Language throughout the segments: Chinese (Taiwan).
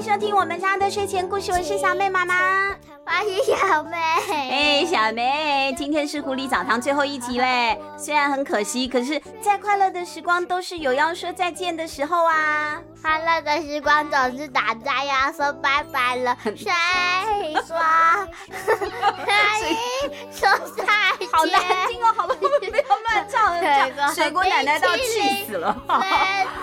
歡迎收聽我們家的睡前故事，我是小妹媽媽，歡迎，歡迎小妹。哎小妹，今天是狐狸澡堂最後一集嘞，雖然很可惜，可是再快樂的時光都是有要說再見的時候啊。快樂的時光總是短暫呀，說拜拜了。誰說？誰說、哦？好難聽哦，好了，我們不要亂唱，這個 水，果 水果奶奶都要氣死了，哈。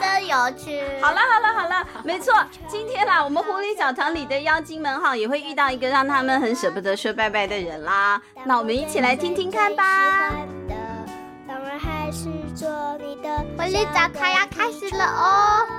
真的有趣。好了好了好了，沒錯，今天啦，我們狐狸澡堂裡的妖精們哈，也會遇到一個讓他們很捨不得說拜拜的人啦。啊、那我們一起來聽聽看吧。我最最喜歡的還是早咖，要開始了哦。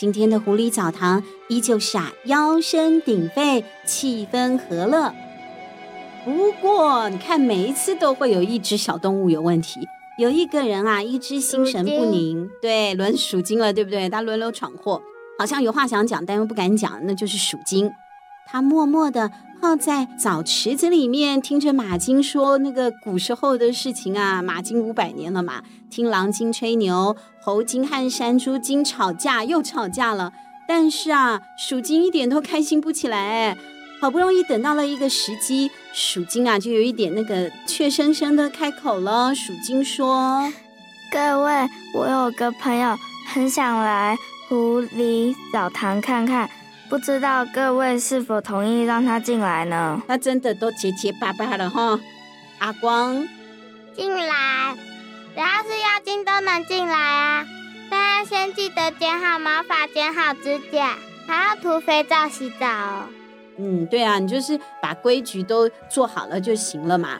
今天的狐狸澡堂依舊是啊，妖聲鼎沸，氣氛和樂。不過你看，每一次都會有一隻小動物有問題，有一個人啊，一直心神不寧。鼠精。對，輪鼠精了，對不對？他輪流闖禍，好像有話想講，但又不敢講，那就是鼠精。他默默的。泡、哦、在澡池子裡面，聽着馬精說那個古時候的事情啊。馬精五百年了嘛，聽狼精吹牛，猴精和山豬精吵架又吵架了。但是啊，鼠精一點都開心不起來哎，好不容易等到了一個時機，鼠精啊就有一點那個怯生生的開口了。鼠精說：“各位，我有個朋友很想來狐狸澡堂看看。”不知道各位是否同意讓他進來呢？他真的都結結巴巴了哈！阿光，進來，只要是妖精都能進來啊！大家先記得剪好毛髮、剪好指甲，還要塗肥皂洗澡哦。嗯，對啊，你就是把規矩都做好了就行了嘛。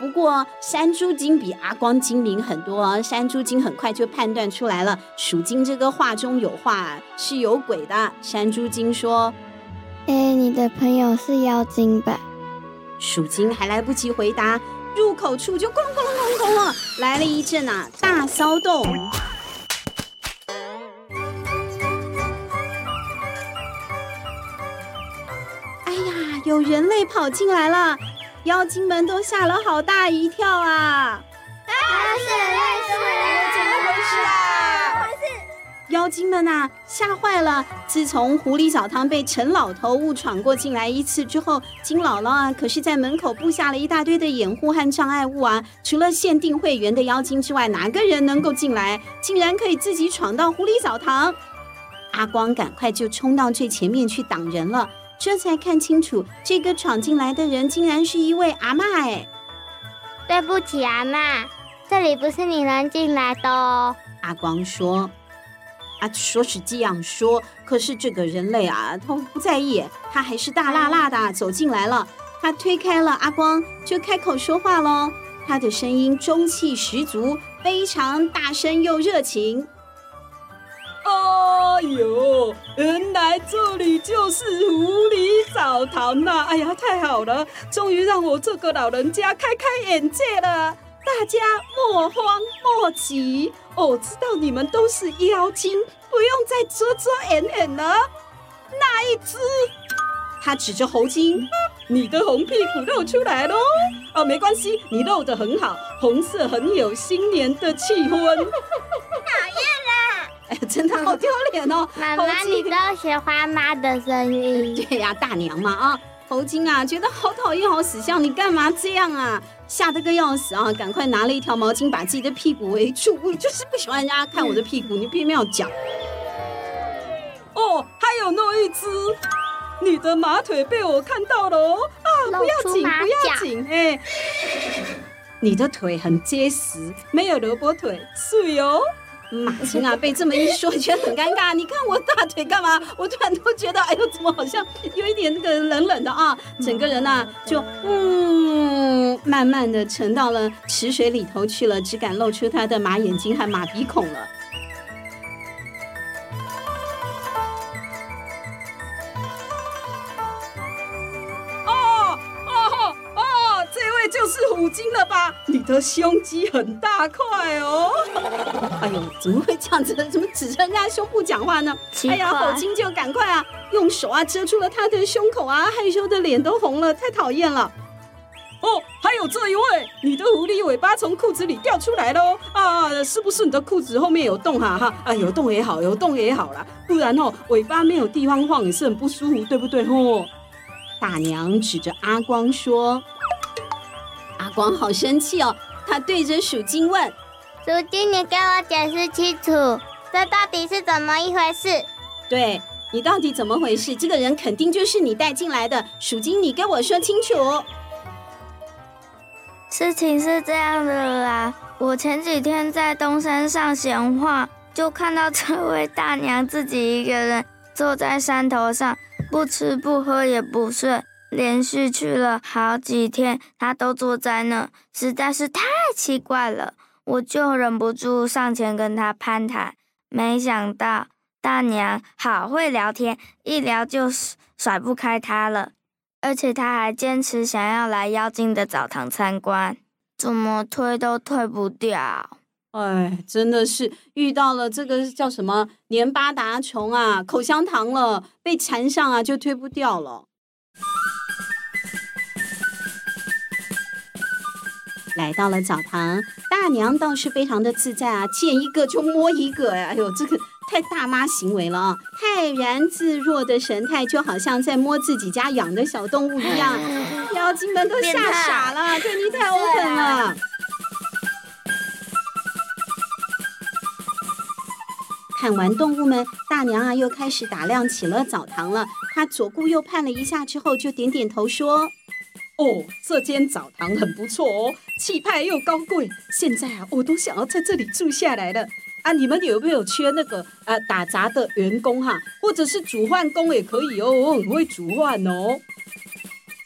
不過山豬精比阿光精明很多，山豬精很快就判斷出來了，鼠精這個話中有話是有鬼的。山豬精說：“哎、欸，你的朋友是妖精吧？”鼠精還來不及回答，入口處就哐哐哐哐哐，來了一陣啊大騷動。哎呀，有人類跑進來了。妖精們都嚇了好大一跳啊！怎麼回事？啊？妖精們吶，嚇壞了。自從狐狸澡堂被陳老頭誤闖過進來一次之後，金姥姥啊，可是在門口布下了一大堆的掩護和障礙物啊。除了限定會員的妖精之外，哪個人能夠進來？竟然可以自己闖到狐狸澡堂！阿光，趕快就衝到最前面去擋人了。這才看清楚，這個闖進來的人竟然是一位阿嬤哎、欸！對不起，阿嬤，這裡不是你能進來的哦。阿光說：“啊，說是這樣說，可是這個人類啊，他不在意，他還是大剌剌的走進來了。他推開了阿光，就開口說話嘍。他的聲音中氣十足，非常大聲又熱情。”哎呦，原來這裡就是狐狸澡堂吶！哎呀，太好了，終於讓我這個老人家開開眼界了。大家莫慌莫急，我知道你們都是妖精，不用再遮遮掩掩了。那一隻，他指着猴精，你的紅屁股露出來了。哦，沒關係，你露得很好，紅色很有新年的氣氛。哎、真的好丟臉哦！媽媽，你都要學花媽的聲音。對呀、啊，大娘嘛、哦、啊，猴精啊，覺得好討厭，好死相，你幹嘛這樣啊？嚇得個要死啊！趕快拿了一條毛巾，把自己的屁股圍住。我就是不喜歡人家看我的屁股，你別有講。哦，還有那一隻，你的馬腿被我看到了哦！啊，不要緊，不要緊，哎，你的腿很結實，沒有蘿蔔腿，是喲。馬精啊，被這麼一說，覺得很尷尬。你看我大腿幹嘛？我突然都覺得，哎呦，怎麼好像有一點那個冷冷的啊？整個人呢、啊，就嗯，慢慢的沉到了池水裡頭去了，只敢露出他的馬眼睛和馬鼻孔了。的胸肌很大塊哦！哎呦，怎麼會這樣子？怎麼指著人家胸部講話呢？哎呀，猴精就趕快啊，用手啊遮住了他的胸口啊，害羞的臉都紅了，太討厭了。哦，還有這一位，你的狐狸尾巴從褲子裡掉出來嘍、哦、啊！是不是你的褲子後面有洞？哈哈，啊，啊，有洞也好，有洞也好啦、啊。不然哦，尾巴沒有地方晃也是很不舒服，對不對？哦，大娘指着阿光說。光好生氣哦，他對着鼠精問：“鼠精，你給我解釋清楚，這到底是怎麼一回事？對，你到底怎麼回事？這個人肯定就是你帶進來的。鼠精，你跟我說清楚。”事情是這樣的啦，我前幾天在東山上閒晃，就看到這位大娘自己一個人坐在山頭上，不吃不喝也不睡，連續去了好幾天，他都坐在那，實在是太奇怪了。我就忍不住上前跟他攀談，沒想到大娘好會聊天，一聊就甩不開他了。而且他還堅持想要來妖精的澡堂參觀，怎麼推都推不掉。哎，真的是遇到了這個叫什麼黏巴達蟲啊，口香糖了，被纏上啊，就推不掉了。來到了澡堂，大娘倒是非常的自在啊，見一個就摸一個呀，哎呦，這個太大媽行為了，泰然自若的神態，就好像在摸自己家養的小動物一樣，哎、妖精們都嚇傻了，太態你太 open 了。對看完動物們，大娘啊又開始打量起了澡堂了，她左顧右盼了一下之後，就點點頭說。哦，這間澡堂很不錯哦，氣派又高貴。現在啊，我都想要在這裡住下來了。啊，你們有沒有缺那個啊、呃、打雜的員工哈、啊，或者是煮飯工也可以哦，我很會煮飯哦。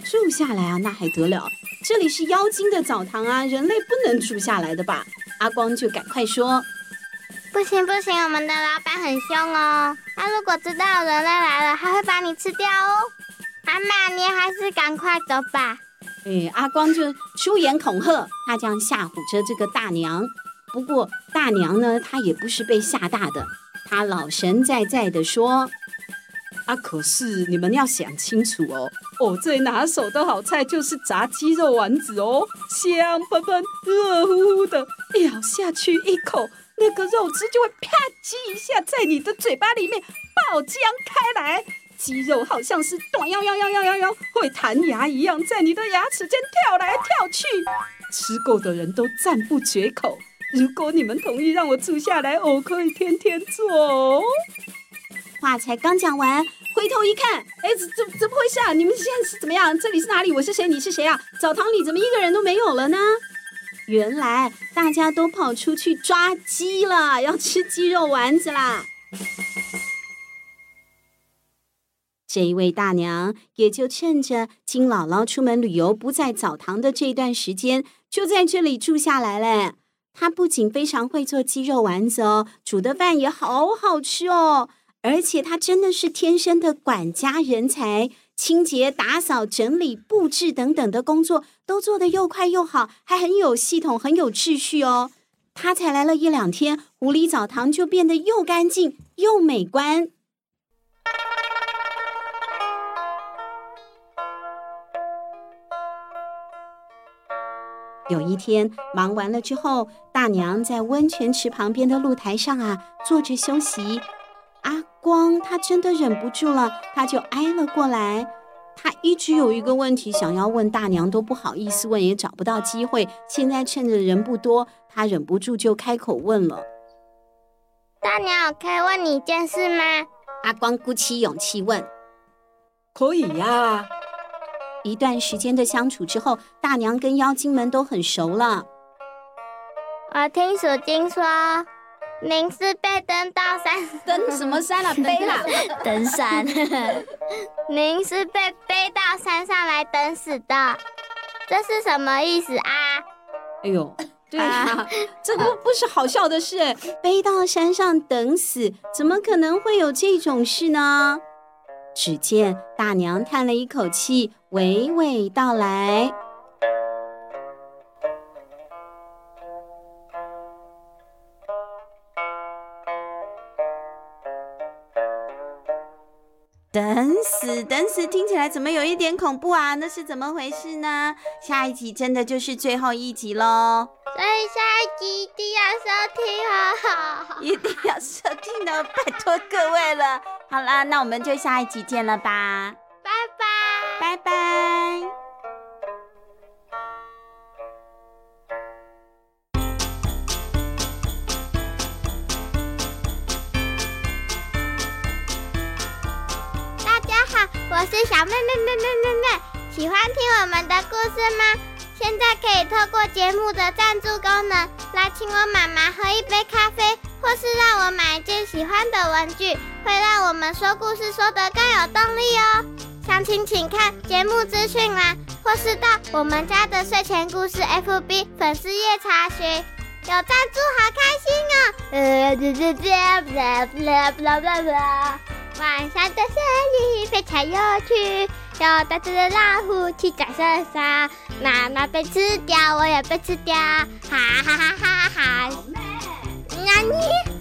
住下來啊，那還得了？這裡是妖精的澡堂啊，人類不能住下來的吧？阿光就趕快說，不行不行，我們的老板很凶哦，他如果知道人類來了，還會把你吃掉哦。媽、啊、媽，你還是趕快走吧。哎，阿光就出言恐嚇，他這樣嚇唬着這個大娘。不過大娘呢，她也不是被嚇大的，她老神在在的說：“啊，可是你們要想清楚哦。我、哦、最拿手的好菜就是炸雞肉丸子哦，香噴噴、熱乎乎的，咬下去一口，那個肉汁就會啪嘰一下在你的嘴巴裡面爆漿開來。”雞肉好像是“要要要要要要”會彈牙一樣，在你的牙齒間跳來跳去。吃過的人都讚不絕口。如果你們同意讓我住下來，我可以天天做。話才剛講完，回頭一看，哎，怎怎怎麼回事啊？你們現在是怎麼樣？這裡是哪裡？我是誰？你是誰啊？澡堂裡怎麼一個人都沒有了呢？原來大家都跑出去抓雞了，要吃雞肉丸子啦。這一位大娘也就趁着金姥姥出門旅遊不在澡堂的這段時間，就在這裡住下來了。她不僅非常會做雞肉丸子哦，煮的飯也好好吃哦，而且她真的是天生的管家人才，清潔、打掃、整理、佈置等等的工作都做得又快又好，還很有系統，很有秩序哦。她才來了一兩天，狐狸澡堂就變得又乾淨又美觀。有一天忙完了之後，大娘在溫泉池旁邊的露台上啊坐着休息。阿光他真的忍不住了，他就挨了過來。他一直有一個問題想要問大娘，都不好意思問，也找不到機會。現在趁着人不多，他忍不住就開口問了：“大娘，我可以問你一件事嗎？”阿光鼓起勇氣問：“可以呀啊。”一段時間的相處之後，大娘跟妖精們都很熟了。我聽鼠精說，您是被登到山，登什麼山了？啊？背了，登山。 您是被背到山上來等死的，這是什麼意思啊？哎呦，對啊，啊這個不是好笑的事。啊、背到山上等死，怎麼可能會有這種事呢？只見大娘嘆了一口氣。娓娓道來。等死、等死，聽起來怎麼有一點恐怖啊？那是怎麼回事呢？下一集真的就是最後一集嘍，所以下一集一定要收聽哦，一定要收聽哦，拜托各位了。好啦，那我們就下一集見了吧！拜拜！大家好，我是小妹妹妹妹妹妹妹。喜歡聽我們的故事嗎？現在可以透過節目的贊助功能，來請我媽媽喝一杯咖啡，或是讓我買一件喜歡的文具，會讓我們說故事說得更有動力哦。詳情，請看節目資訊啦、啊，或是到我們家的睡前故事 FB 粉絲頁查詢。有贊助，好開心哦！呃，啦啦啦啦啦啦啦啦！晚上的森林非常有趣，要兔子老虎去打蛇蛇，媽媽被吃掉，我也被吃掉，哈哈哈哈哈哈！那你妹？